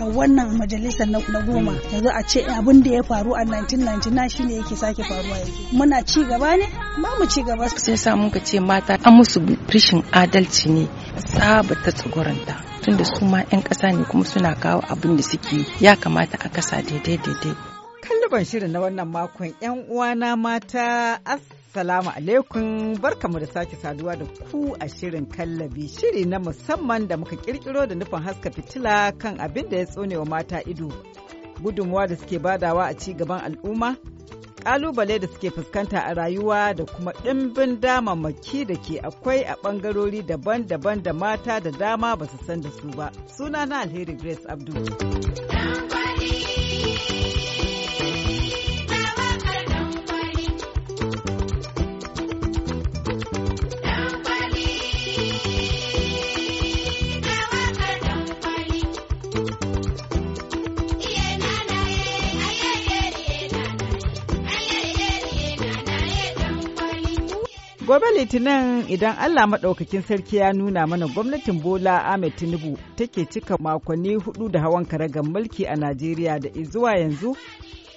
a wannan majalisar na goma yanzu a ce abin da ya faru a 1999 shine yake sake faruwa yake muna ci gaba ne ba mu ci gaba sai sa muka ce mata an musu rishin adalci ne ta tsagoranta tunda su ma 'yan kasa ne kuma suna kawo abin da suke ya kamata a kasa daidai daidai kalliban shirin na wannan makon 'yan uwana mata Assalamu alaikum barkamu da sake saduwa da ku a shirin kallabi shiri na musamman da muka kirkiro da nufin haska fitila kan abin da ya tsonewa mata ido. Gudunmuwa da suke badawa a ci gaban al'umma, ƙalubale da suke fuskanta a rayuwa da kuma ɗimbin damammaki da ke akwai a ɓangarori daban-daban da mata da dama ba su san da su ba. Suna na Alheri Grace Abdul. Gobe Litinin idan Allah maɗaukakin sarki ya nuna mana gwamnatin Bola Ahmed Tinubu take cika makonni hudu da hawan karagar mulki a Najeriya da izuwa yanzu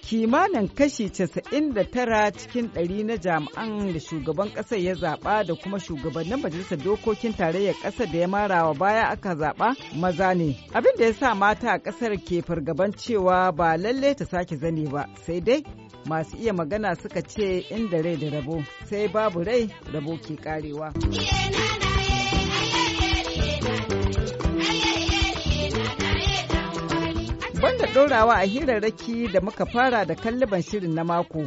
kimanin kashi 99 cikin ɗari na jami'an da shugaban ƙasar ya zaɓa da kuma shugabannin majalisar dokokin tarayyar ƙasar da ya marawa baya aka zaɓa maza ne abin da ya sa mata a ƙasar ke fargaban cewa ba lalle ta sake zane ba sai dai masu iya magana suka ce inda rai da rabo sai babu rai rabo ke karewa. Banda ɗorawa a hirarraki da muka fara da kalliban shirin na mako,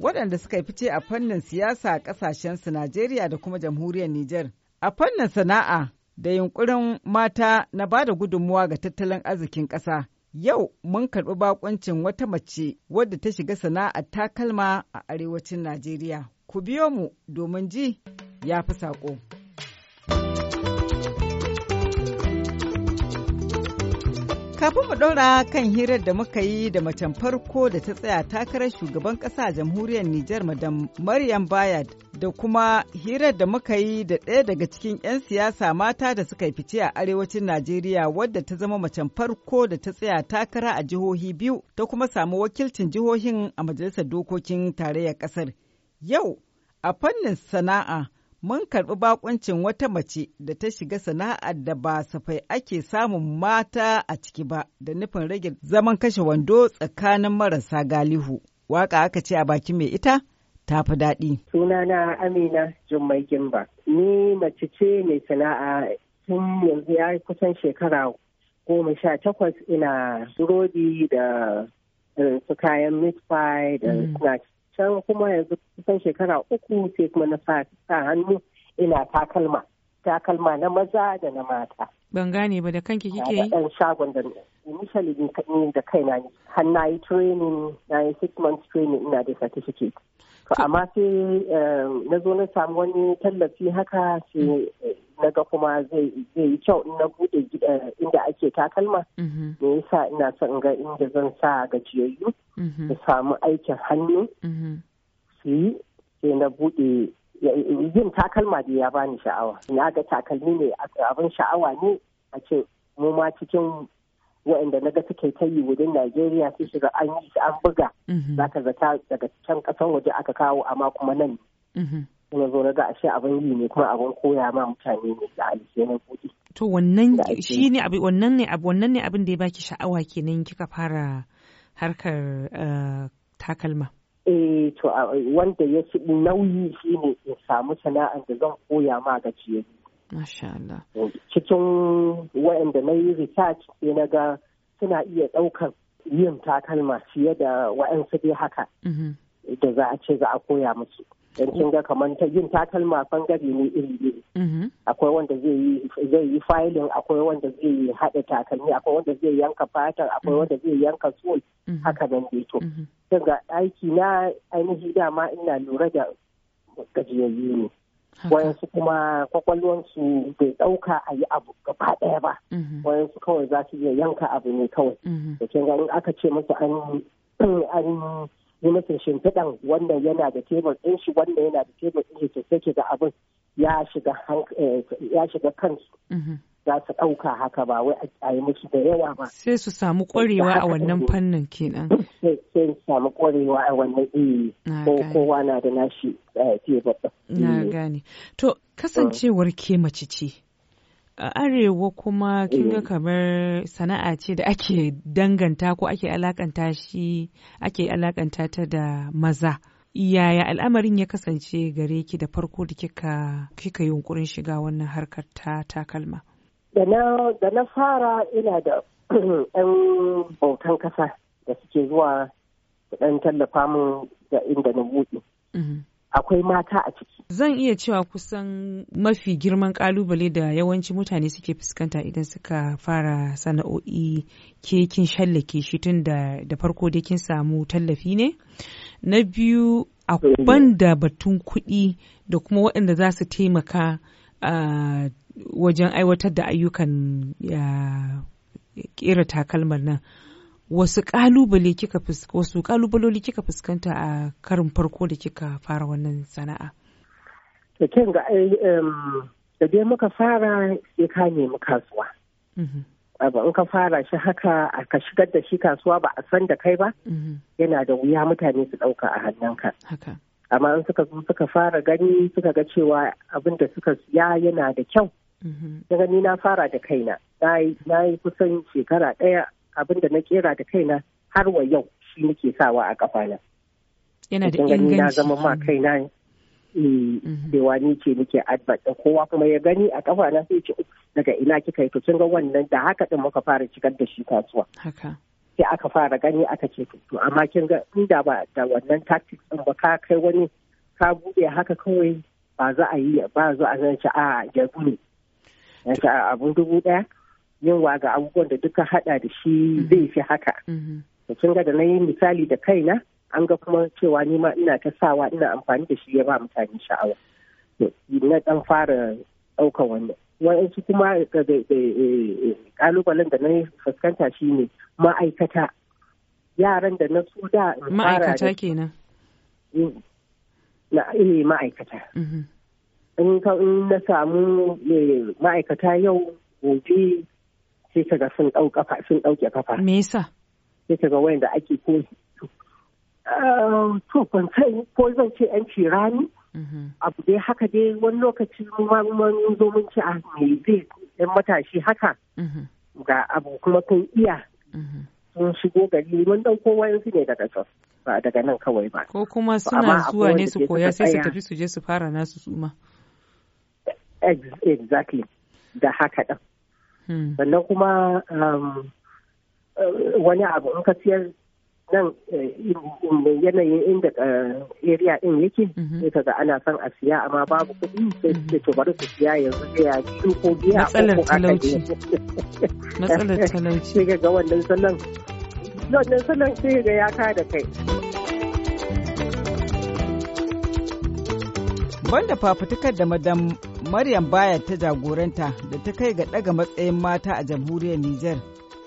waɗanda suka fice a fannin siyasa a ƙasashensu Najeriya da kuma jamhuriyar Nijar. A fannin sana'a da yunkurin mata na ba da gudunmuwa ga tattalin arzikin ƙasa. Yau mun karɓi bakuncin wata mace wadda ta shiga sana'ar takalma a arewacin Najeriya. Ku biyo mu domin ji ya fi saƙo. Kafin mu ɗora kan hirar da muka yi da macen farko da ta tsaya takarar shugaban ƙasa a jamhuriyar Nijar madam Maryam Bayad da kuma hirar da muka yi da ɗaya daga cikin 'yan siyasa mata da suka yi fice a arewacin Najeriya wadda ta zama macen farko da ta tsaya takara a jihohi biyu ta kuma samu wakilcin jihohin a majalisar dokokin tarayyar ƙasar. Yau a fannin sana'a mun karɓi bakuncin wata mace da ta shiga sana'ar da ba safai ake samun mata a ciki ba da nufin rage zaman kashe wando tsakanin marasa galihu. Waka aka ce a baki mai ita ta fi daɗi. Sunana Amina Jummai Gimba. Ni mace ce mai sana'a tun yanzu ya kusan shekara goma sha takwas ina burodi da eh, su kayan meat da mm. snacks can kuma yanzu kusan shekara uku sai kuma na sa hannu ina takalma takalma na maza da na mata ban gane ba da kanki kike yi ɗan shagon da initially ni da kaina ne har na yi training na yi six months training ina da certificate To amma sai eh, na zo na samu wani tallafi haka sai mm. eh, na ga kuma zai yi kyau in na bude eh, inda ake takalma. Mm-hmm. Me yasa ina son ga inda zan sa gajiyayyu su mm-hmm. samu aikin hannu mm-hmm. su yi sai na bude yin takalma da ya bani sha'awa. Na ga takalmi ne abin sha'awa ne a ce mu ma cikin Wa'inda na ga suke ta yi wajen Najeriya sai shiga an yi shi an buga mhm. za ka zata daga can kasan waje aka kawo amma kuma nan mhm. kuma zo na ga ashe abin yi ne kuma abin koya ma mutane ne da alƙenan kudi. To wannan shi ne abin wannan ne abin wannan ne abin da ya baki sha'awa kenan kika fara harkar eh, takalma. Eh to wanda ya ci nauyi shi ne in samu sana'ar da zan koya ma gajiyayyu. Masha Allah. Cikin waɗanda na yi research sai na ga suna iya ɗaukar yin takalma fiye da waɗansu dai haka. Mhm. Da za a ce za a koya musu. Dan kin ga kamar ta yin takalma bangare ne iri iri. Mhm. Akwai wanda zai yi filing, akwai wanda zai yi haɗa takalmi, akwai wanda zai yanka fatar, akwai mhm. wanda zai yanka sol, haka nan dai to. ga aiki na ainihi dama ina lura da gajiyayyu ne. wayansu kuma su bai ɗauka a yi abu gaba ɗaya ba mhm. wayansu kawai za su iya yanka abu ne kawai mhm. da kin ganin aka ce musu an an yi musu shimfiɗan wannan yana da tebur ɗin shi wannan yana da tebur ɗin shi sai ke da abin ya shiga eh, kansu mhm. za su ɗauka haka ba wai a yi musu da yawa ba. Sai su samu ƙwarewa a wannan fannin kenan. Sai su samu ƙwarewa a wannan iri eh, ko kowa na da nashi eh, babba. Na eh. gane. To kasancewar ke mace ce. A arewa kuma kin kamar sana'a ce da ake danganta ko ake alakanta shi ake alakanta ta da maza. Yaya al'amarin ya kasance gare ki da farko da kika kika yunkurin shiga wannan harkar ta takalma? da na fara ina da 'yan bautan kasa da suke zuwa da ɗan tallafa mun da inda na buɗe. Mhm. Akwai mata a ciki. Zan iya cewa kusan mafi girman kalubale da yawanci mutane suke fuskanta idan suka fara sana'o'i ke kin shallake shi tun da farko da kin samu tallafi ne. Na biyu a eh. da batun kuɗi da kuma waɗanda za su taimaka ah, wajen aiwatar da ayyukan kera takalmar nan wasu kalubale kika wasu kalubaloli kika fuskanta a karin farko da kika fara wannan sana'a da kin ga da dai muka fara sai ka nemi kasuwa mm-hmm. abu in ka fara shi haka a ka shigar da shi kasuwa ba a san da kai ba mm-hmm. yana da wuya mutane su ɗauka a hannunka amma in suka zo suka fara gani suka ga cewa abin da suka siya yana da kyau daga ni na fara da kaina na yi kusan shekara ɗaya abin da na kera da kaina har wa yau shi nake sawa a kafana yana da inganci na zama ma kaina eh, mm-hmm. cewa ni ke nake advert kowa kuma ya gani a kafana sai ce daga ina kika yi kusan ga wannan da haka din muka fara cikar da shi kasuwa haka sai aka fara gani aka ce to amma kin ga inda ba da wannan tactics din ba ka kai wani ka buɗe haka kawai ba za a yi ba za a zance a yanzu ne yanzu a abun dubu ɗaya yawa ga abubuwan da duka haɗa da shi mhm. zai fi haka da mhm. kin ga da na yi misali da kaina an ga kuma cewa ni ma ina ta sawa ina amfani da shi ya ba mutane sha'awa na ɗan fara ɗaukar wannan wa'yansu kuma eh, ƙalubalen da na yi fuskanta shi ne ma'aikata yaran da na su da ma'aikata kenan na eh, ma'aikata mhm. in na samu ma'aikata yau gobe sai ka ga sun ɗau kafa sun ɗauke kafa me yasa sai ka ga da ake ko eh, to ban sai ko zan ce yan rani mm-hmm. abu dai haka dai wani lokaci ma mun zo mun ci a ah, me zai yan matashi haka mm-hmm. ga abu kuma kun iya mm-hmm. sun shigo gari mun ɗauko wayansu ne daga can ba daga nan kawai ba ko kuma suna zuwa ne su koya sai su tafi su je su fara nasu suma. exactly da haka ɗin hmm. sannan kuma um, uh, wani abu in ka siyar nan eh, yanayin inda eh, area in yake mhm. sai kaga ana son a siya amma babu kuɗi sai su to bari su siya yanzu ya biyu ko biya aka talauci matsalar talauci sai kaga wannan sannan. wannan sannan sai ga ya kada kai banda fafutukar da madam Maryam baya ta jagoranta da ta kai ga ɗaga matsayin mata a jamhuriyar Nijar.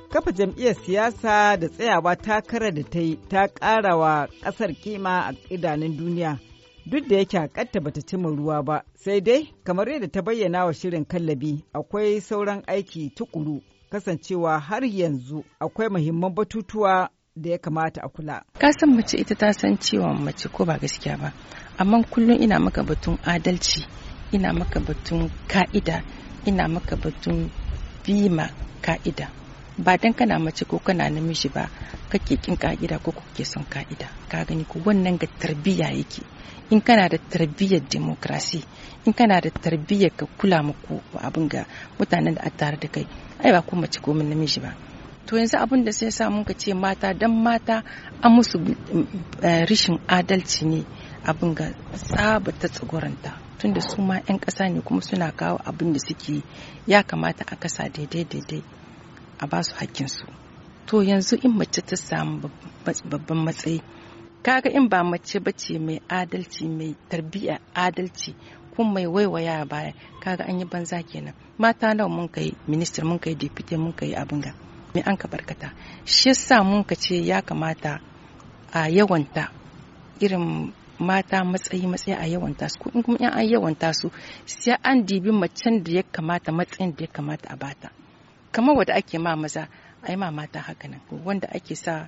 Kafa jam'iyyar siyasa da tsayawa takarar da ta yi ta ƙara wa ƙasar kima a idanun duniya. Duk da yake a bata cimma ruwa ba, sai dai kamar yadda ta bayyana wa shirin kallabi akwai sauran aiki tukuru kasancewa har yanzu akwai mahimman batutuwa da ya kamata a kula. Ka san mace ita ta san cewa mace ko ba gaskiya ba, amma kullum ina maka batun adalci. ina maka batun ka'ida ina maka batun bima ka'ida ba dan kana mace ko kana namiji ba kake kin ka'ida ko kuke son ka'ida ka gani ko wannan ga tarbiyya yake in kana da tarbiyyar demokrasi in kana da tarbiyyar ka kula muku abin ga mutanen da a tare da kai ai ba ko mace ko namiji ba to yanzu abin da sai samu ka ce mata dan mata an musu eh, rishin adalci ne abin ga tsaba ta tun da su ma 'yan ƙasa ne kuma suna kawo abin da suke ya kamata a kasa daidai daidai a ba su hakkinsu to yanzu in mace ta samu babban matsayi kaga in ba mace bace mai adalci mai tarbiyya adalci kun mai waiwaya baya kaga an yi banza kenan mata nawa mun kai minister mun kai deputy mun kai abin ga me an ka barkata shi yasa mun ka ce ya kamata a yawanta irin mata matsayi matsayi a yawan tasu ko in kuma an yawan tasu sai an dibi macen da ya kamata matsayin da ya kamata a bata kamar wanda ake ma maza ai ma mata haka nan wanda ake sa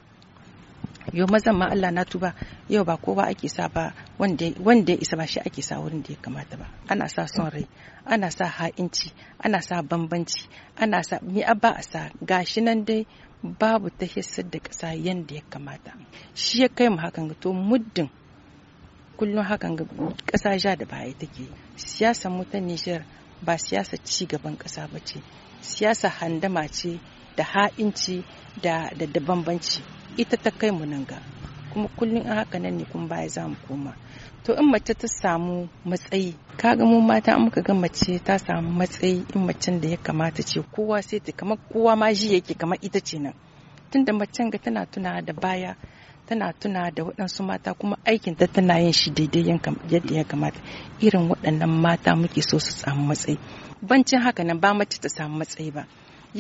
yau mazan ma Allah na tuba yau ba kowa ake sa ba wanda ya isa ba shi ake sa wurin da ya kamata ba ana sa son rai ana sa ha'inci ana sa bambanci ana sa mi ba a sa gashi nan dai babu ta hissar da ƙasa yadda ya kamata shi ya kai mu hakan to muddin kullum hakan ga kasa ja da baya take siyasar mu ta Nijar ba siyasa ci gaban kasa ba ce siyasa handama ce da ha'inci da da bambanci ita ta kai mu nan ga kuma kullum a haka nan ne kuma baya za mu koma to in mace ta samu matsayi kaga mu mata an muka ga mace ta samu matsayi in macen da ya kamata ce kowa sai ta kamar kowa ma ji yake kamar ita ce nan tunda macen ga tana tuna da baya tana tuna da waɗansu mata kuma aikin ta tana yin shi daidai yadda ya kamata irin waɗannan mata muke so su samu matsayi bancin haka nan ba mace ta samu matsayi ba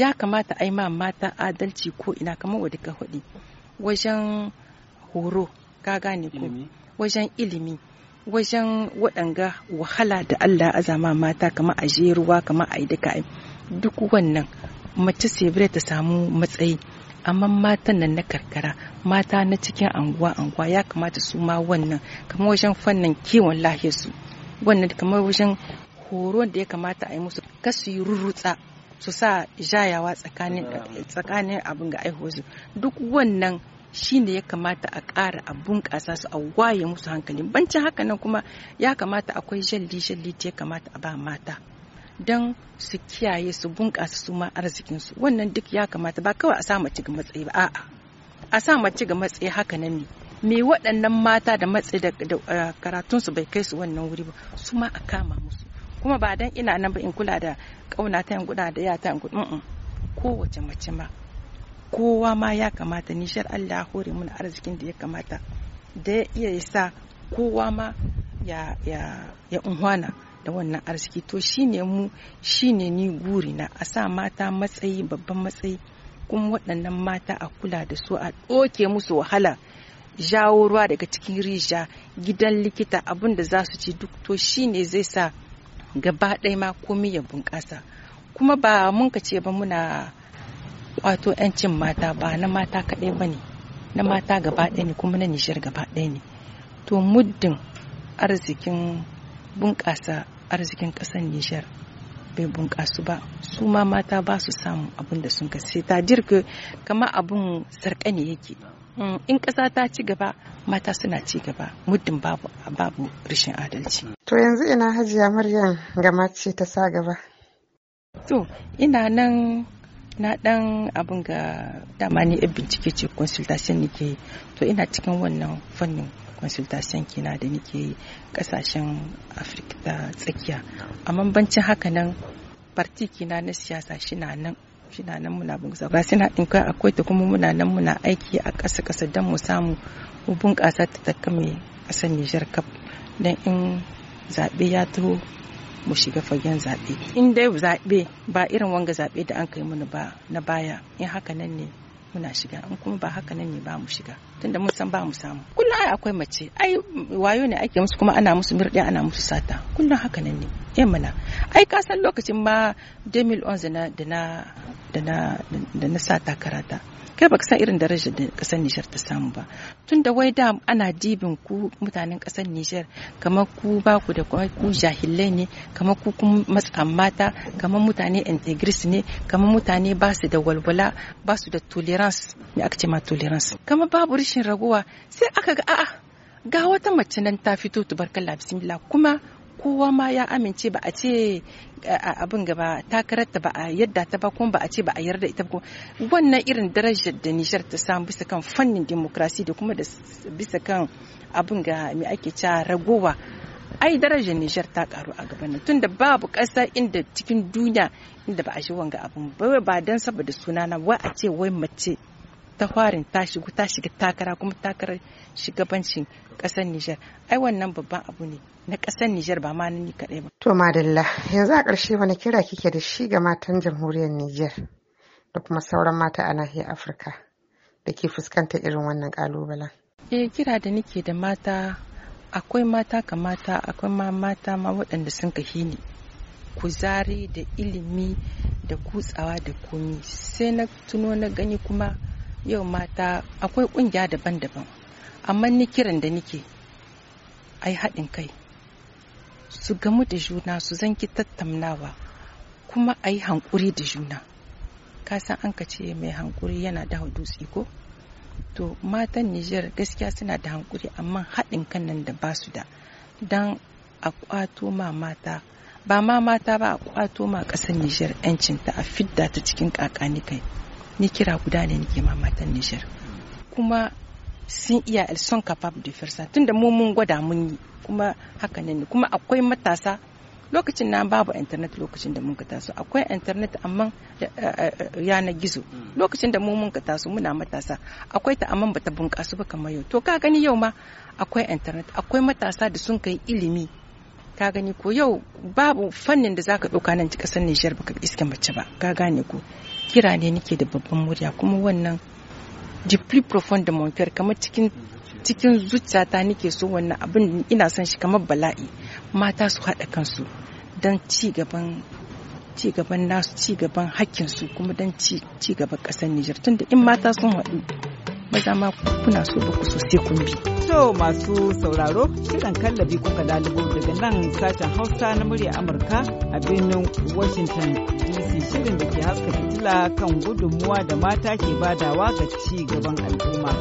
ya kamata a yi ma mata adalci ko ina kamar wadda ka hudi wajen horo ka gane ko wajen ilimi wajen waɗanga wahala da Allah azama mata kama a jeruwa kama a yi duka duk wannan mace sebire ta samu matsayi amma matan nan na karkara mata na cikin anguwa anguwa ya kamata su ma wannan kamar wajen fannin kiwon lahiyar su wannan kamar wajen horon da ya kamata a yi musu kasu yi rurrutsa su sa jayawa tsakanin abin ga aihuwarsu duk wannan shi ne ya kamata a ƙara a bunƙasa su a waye musu hankali bancin haka nan kuma ya kamata akwai jalli jalli ta ya kamata a ba mata don su kiyaye su bunƙasa su ma arzikinsu wannan duk ya kamata ba kawai a sa mace ga matsayi ba a'a a sa mace ga matsayi haka nan ne me waɗannan mata da matse da karatunsu bai kai su wannan wuri ba su ma a kama musu kuma ba dan ina nan ba in kula da ƙauna ta yan guda da yata yan guda kowace mace ma kowa ma ya kamata ni shar Allah hore mun arzikin da ya kamata da ya iya sa kowa ma ya ya ya unhwana da wannan arziki to shine mu shine ni guri na a sa mata matsayi babban matsayi kuma waɗannan mata a kula da su a ɗoke musu wahala jawo ruwa daga cikin rija gidan likita abin da za su ci duk to shine zai sa gaba ɗaya ma komi ya bunƙasa kuma ba mun ka ce ba muna kwato 'yancin mata ba na mata kaɗai ba ne na mata gaba ɗaya ne kuma na nishar gaba ɗaya ne to muddin arzikin bunƙasa arzikin ƙasar Nijar bai bunƙasu ba su ma mata ba su samu abin da sun kasi ta dirke kama abin ne yake mm, in ƙasa ta ci gaba mata suna ci gaba muddin babu babu rashin adalci to yanzu ina hajiya maryam ga mace ta sa gaba to ina nan na dan abin ga dama ne bincike ce consultation nake to ina cikin wannan fannin consultation kina da nike yi kasashen afirka ta tsakiya amma bancin haka nan parti kina na siyasa shina nan shina nan muna bunƙasa ba suna in kai akwai ta kuma muna nan muna aiki a ƙasa ƙasa don mu samu mu bunƙasa ta ta kame ƙasar Nijar kaf don in zaɓe ya taho mu shiga fagen zaɓe in dai zaɓe ba irin wanga zaɓe da an kai mana ba na baya in haka nan ne muna shiga in kuma ba haka nan ne ba mu shiga tunda mun san ba mu samu kullum ai akwai mace ai wayo ne ake musu kuma ana musu mirɗi ana musu sata kullum haka nan ne yamma mana ai ka san lokacin ma 2011 na da na da na da na sa takarata kai baka san irin darajar da kasar Nijar ta samu ba tun da wai da ana dibin ku mutanen kasar Nijar kamar ku ba ku da ku jahilai ne kamar ku kun matsan mata kamar mutane integris ne kamar mutane ba su da walwala ba su da tolerance me aka ce ma tolerance kamar babu rashin raguwa sai aka ga a'a ga wata mace nan ta fito tubarkalla bismillah kuma kowa ma ya amince ba a ce abin gaba takarar ta ba a yadda ta ba kuma ba a ce ba a yarda ita ko wannan irin darajar da Nijar ta samu bisa kan fannin demokrasi da kuma bisa kan abin ga mai ake ca ragowa ai darajar Nijar ta karu a gaban nan tunda babu ƙasa inda cikin duniya inda ba a shi wanga abin ba dan saboda sunana wa a ce wai mace ta farin ta shigo ta shiga takara kuma takarar shugabancin kasar Nijar ai wannan babban abu ne na kasar Nijar ba ma ni kaɗai ba. To madalla yanzu a ƙarshe wani kira kike da shi ga matan jamhuriyar Nijar da kuma sauran mata a nahiyar Afirka da ke fuskantar irin wannan ƙalubalen. Eh kira da nake da mata akwai mata ka mata akwai ma mata ma waɗanda sun kahi ni kuzari da ilimi da kutsawa da komi sai na tuno na gani kuma yau mata akwai kungiya daban-daban amma ni kiran da nike ai haɗin kai su gamu da juna su zanki tattaunawa kuma ai hankuri da juna ka san an ka ce mai hankuri yana da dutse ko to matan Nijar gaskiya suna da hankuri amma haɗin kan nan da basu da don a kwato ma mata ba ma mata ba a kwato ma ƙasar Nijar 'yancinta a fidda ta cikin kakani kai ni kira guda ne nike ma matan Nijar kuma sun iya son capable de faire ça tunda mu mun gwada mun yi kuma haka ne kuma akwai matasa lokacin na babu internet lokacin da mun ka taso akwai internet amma eh, eh, yana gizo mm. lokacin da mu mun ka taso muna matasa akwai ta amma bata bunƙasu ba kamar yau to ka gani yau ma akwai internet akwai matasa da sun kai ilimi ka gani ko yau babu fannin da zaka dauka nan kasar Nijar baka iske mace ba ka gane ko kira ne nake da babban murya kuma wannan deeply profound da monfiyar kamar cikin cikin zuciyata nake so wannan abin ina son shi kamar bala'i mata su haɗa kansu don ci gaban ci gaban nasu ci gaban su kuma don ci gaban ƙasar Nijar tunda in mata sun haɗu maza ma kuna so ba ku so sai kun bi. To masu sauraro shirin kallabi kuka ɗalibu daga nan sashen Hausa na murya Amurka a birnin Washington DC shirin da ke haska fitila kan gudunmuwa da mata ke badawa ga ci gaban al'umma.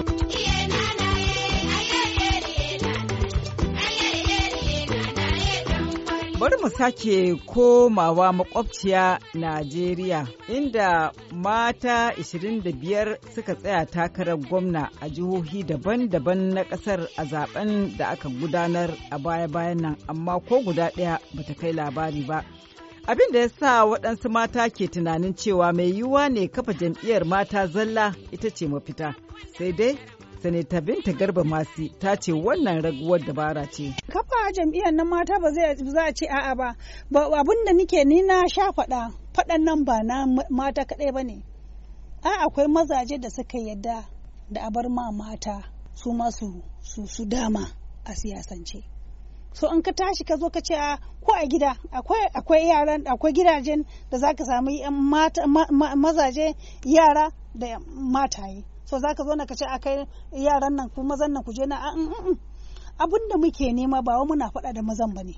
Bari mu sake komawa makwabciya Najeriya inda mata 25 suka tsaya takarar gwamna a jihohi daban-daban na kasar a zaben da aka gudanar a baya-bayan nan amma ko guda ɗaya bata kai labari ba. Abin da ya sa waɗansu mata ke tunanin cewa mai yiwuwa ne kafa jam'iyyar mata zalla ita ce mafita. Sai dai Sanata Binta Garba Masi ta ce wannan raguwar dabara ce. Kafa jam'iyyar nan mata ba za a ce a'a ba. Abin da nike ni na sha faɗa faɗan nan ba na mata kaɗai ba ne. A akwai mazaje da suka yadda da abar ma mata su masu su dama a siyasance. So in ka tashi ka zo ka ce ko a gida akwai yaran akwai gidajen da za ka sami mazaje yara da mataye. so za ka zo na kace akai yaran nan ku mazan nan ku je na mm, mm, mm. abin da muke nema ba wa muna faɗa da mazan ba ne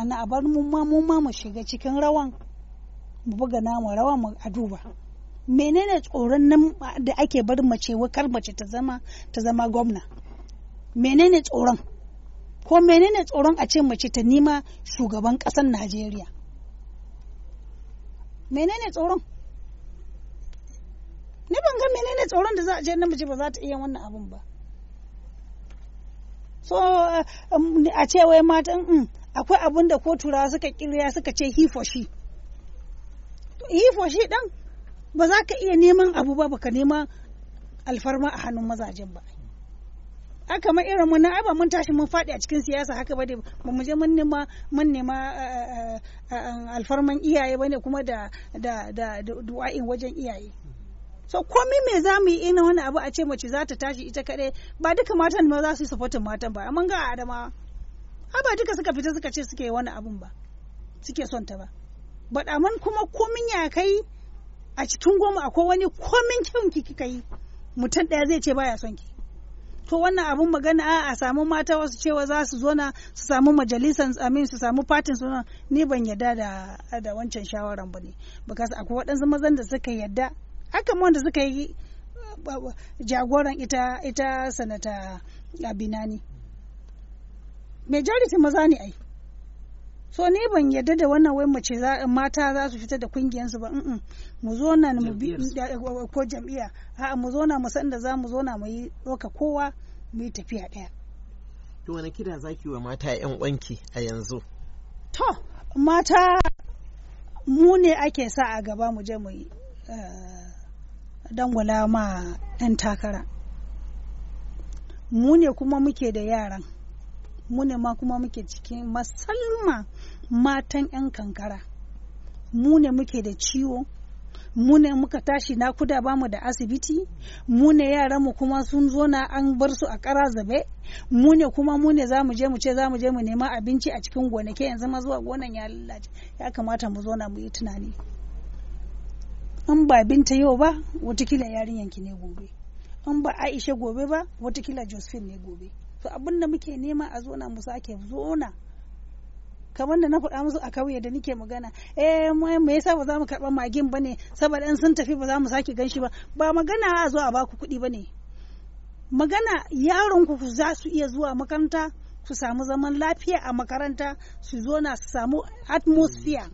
ana a bar mu ma mu ma mu shiga cikin rawan mu buga namu rawan mu a duba menene tsoron nan da ake bar mace wakar mace ta zama ta zama gwamna menene tsoron ko menene tsoron a ce mace ta nima shugaban ƙasar najeriya menene tsoron ne ban ga da tsoron da za a je namiji ba za ta iya wannan abun ba so eh, a ce wai matan mm, akwai abun da ko turawa suka kirya suka ce he for she he for she din ba za ka iya neman abu ba baka nema alfarma a hannun mazajen ba a ma irin mu na ba mun tashi mun faɗi a cikin siyasa haka ba ba mu je mun nema mun nema eh, eh, alfarman iyaye bane kuma da da da du'a'in wajen iyaye so komai me za mu yi ina wani abu a ce mace za ta tashi ita kaɗai ba duka matan ma za su yi supportin matan ba amma ga adama ha ba duka suka fita suka ce suke wani abun ba suke son ta ba but amma kuma komin ya kai a cikin goma akwai wani komin kyau ki kika yi mutum ɗaya zai ce baya son ki to wannan abun magana a samu mata wasu cewa za su zo na su samu majalisan amin su samu fatin suna ni ban yadda da da wancan shawaran ba ne because akwai waɗansu mazan da suka yadda hakan wanda suka yi uh, jagoran ita ita sanata abinani majority maza ne ai so ni ban yadda da wannan wai mace mata za su fita da su ba mu zo na mu bi mm, ko jam'iyya a mu zo na mu san da za mu zo na mu yi doka kowa mu yi tafiya daya to wani kira zaki wa mata yan wanki a yanzu to mata mu ne ake sa a gaba mu je mu yi uh, dangwala ma 'yan takara mu ne kuma muke da yaran mu ne ma kuma muke cikin masalma matan 'yan kankara mu ne muke da ciwo mu ne muka tashi nakuda ba mu da asibiti mu ne yaranmu kuma sun zo na an bar su a kara zabe mu ne kuma mu ne za mu je mu ce za mu je mu nema abinci a cikin gonaki yanzu ma zuwa gonan ya lalace ya kamata mu zo na mu yi tunani in ba binta yau ba watakila yarinyar ki ne gobe in ba aisha gobe ba watakila josephine ne gobe to abin muke nema a zona mu sake zona kamar da na faɗa musu a kauye da nike magana eh me yasa ba za mu karɓa magin bane saboda in sun tafi ba za mu sake ganshi ba ba magana a zo a ku kuɗi bane magana yaron ku za su iya zuwa makaranta su samu zaman lafiya a makaranta su zo na su samu atmosphere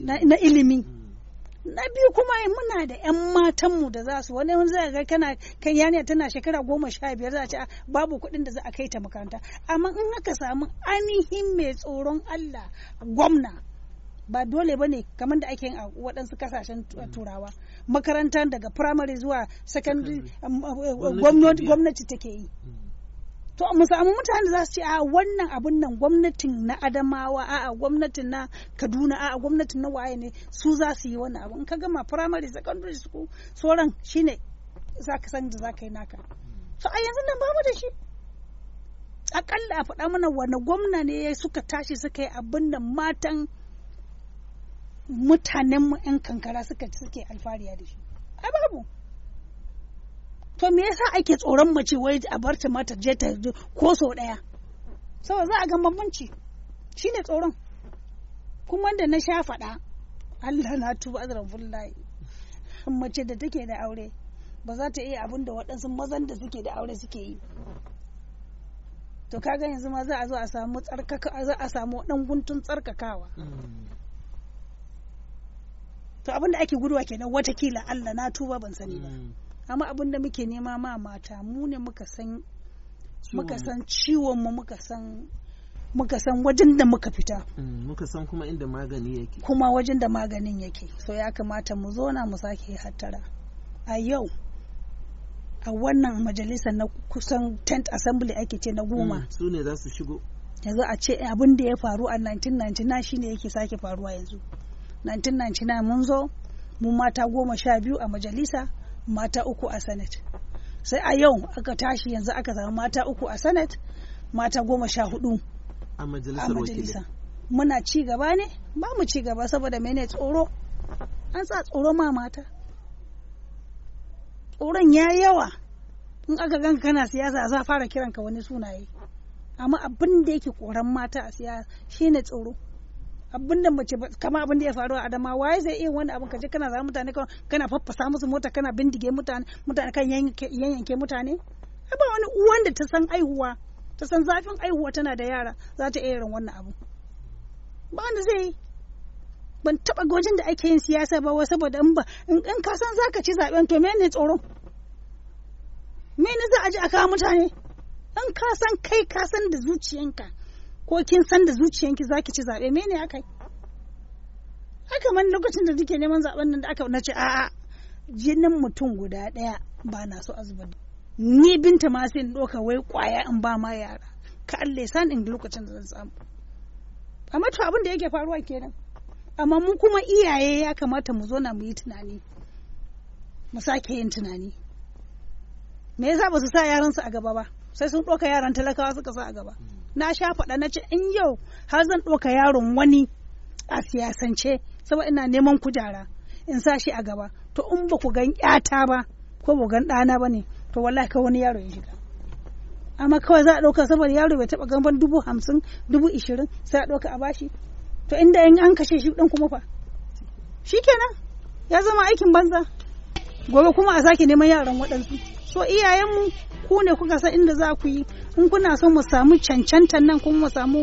mm. na ilimi na biyu kuma muna da 'yan matanmu da za su wani zai ga kana kai yaniya tana shekara goma sha biyar za ce ah, babu kuɗin da za a kai ta makaranta amma in aka samu ainihin mai tsoron Allah gwamna ba dole ba ne kamar da ake yin a waɗansu kasashen mm. turawa makaranta daga firamare zuwa secondary um, um, gwamnati take yi mm. to mu samu mutane za su ce a wannan abun nan gwamnatin na adamawa a gwamnatin na kaduna a gwamnatin na waye ne su za su yi wannan abu ka gama primary secondary school sauran shine za ka san da za ka yi naka so a yanzu nan bamu da shi akalla a faɗa mana wani gwamna ne suka tashi suka yi abin da matan mutanenmu 'yan kankara suka suke alfariya da shi ai babu to me yasa ake tsoron mace wai a bar ta mata je ta ko so daya saboda za a ga bambanci shine tsoron kuma da na sha faɗa Allah na tuba azran fullahi mace da take da aure ba za ta iya abin da waɗansu mazan da suke da aure suke yi to kaga yanzu ma za a zo a samu tsarkaka za a samu dan guntun tsarkakawa hmm. to abin da ake guduwa kenan watakila Allah na tuba ban sani ba hmm. amma abin da muke nema ma mata mu ne muka san muka san ciwon mu muka san muka san wajen da muka fita mm, muka san kuma inda magani yake kuma wajen da maganin yake so ya kamata mu zona mu sake hattara a yau a wannan majalisa na kusan tent assembly ake ce na goma mm, su ne za su shigo yanzu a ce abin da ya faru a 1999 shine yake sake faruwa yanzu 1999 mun zo mu mata goma sha biyu a majalisa mata uku a senate sai a yau aka tashi yanzu aka zama mata uku a senate mata goma sha hudu a majalisa muna ci gaba ne ba mu ci gaba saboda mene tsoro an sa tsoro ma mata tsoron ya yawa in aka ganka kana siyasa za fara kiranka wani sunaye amma abin da yake koran mata a siyasa shine tsoro abin da mace kama abin da ya faru a adama waye zai iya wani abin kaje kana zama mutane kana faffasa musu mota kana bindige mutane mutane kan yanyanke mutane ba wani uwan da ta san aihuwa ta san zafin aihuwa tana da yara za ta iya irin wannan abu ba wanda zai ban taba gojin da ake yin siyasa ba wai saboda in ba in ka san zaka ci zaben to menene tsoro menene za a ji a kawo mutane in ka san kai ka san da zuciyanka ko kin san da zuciyanki zaki ci zaɓe mene aka yi haka man lokacin da nake neman zaɓen nan da aka na ce a'a jinin mutum guda ɗaya ba na so a ni binta ma sai in ɗauka wai ƙwaya in ba ma yara ka Allah san in lokacin da zan samu amma to abin da yake faruwa kenan amma mu kuma iyaye ya kamata mu zo na mu yi tunani mu sake yin tunani me yasa ba su sa yaransu a gaba ba sai sun ɗauka yaran talakawa suka sa a gaba na sha faɗa na ce in yau har zan ɗauka yaron wani a siyasance saboda ina neman kujara in sa shi a gaba to in ba ku gan ƴata ba ko ba gan ɗana ba ne to wallahi ka wani yaro ya shiga amma kawai za a ɗauka saboda yaro bai taɓa gamban dubu hamsin dubu ishirin sai a ɗauka a bashi to inda in an kashe shi ɗan kuma fa shi kenan ya zama aikin banza gobe kuma a sake neman yaran waɗansu so iyayenmu ku ne kuka san inda za ku yi in kuna so mu samu cancantan nan kuma mu samu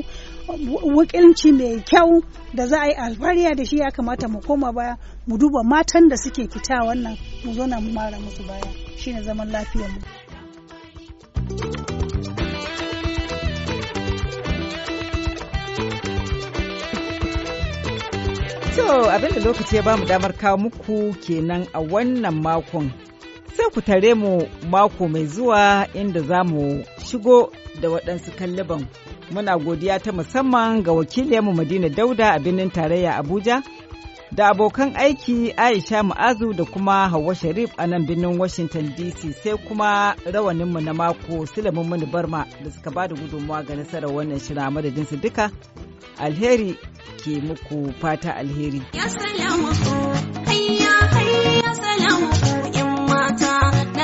wakilci mai kyau da za a yi albariya da shi ya kamata mu koma baya mu duba matan da suke fita wannan mu zo na mu mara musu baya shine zaman lafiyar mu To abinda lokaci ya bamu damar kawo muku kenan a wannan makon sai ku tare mu mako mai zuwa inda za mu shigo da waɗansu kalliban. Muna godiya ta musamman ga wakiliyarmu Madina Dauda a birnin tarayya Abuja da abokan aiki Aisha ma'azu da kuma hawa Sharif a nan birnin Washington DC sai kuma rawaninmu na mako silamin Mani Barma da suka ba da gudunmawa ga nasarar wannan shirin a madadin su duka. Alheri ke muku fata alheri. Ya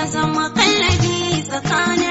kallabi tsakanin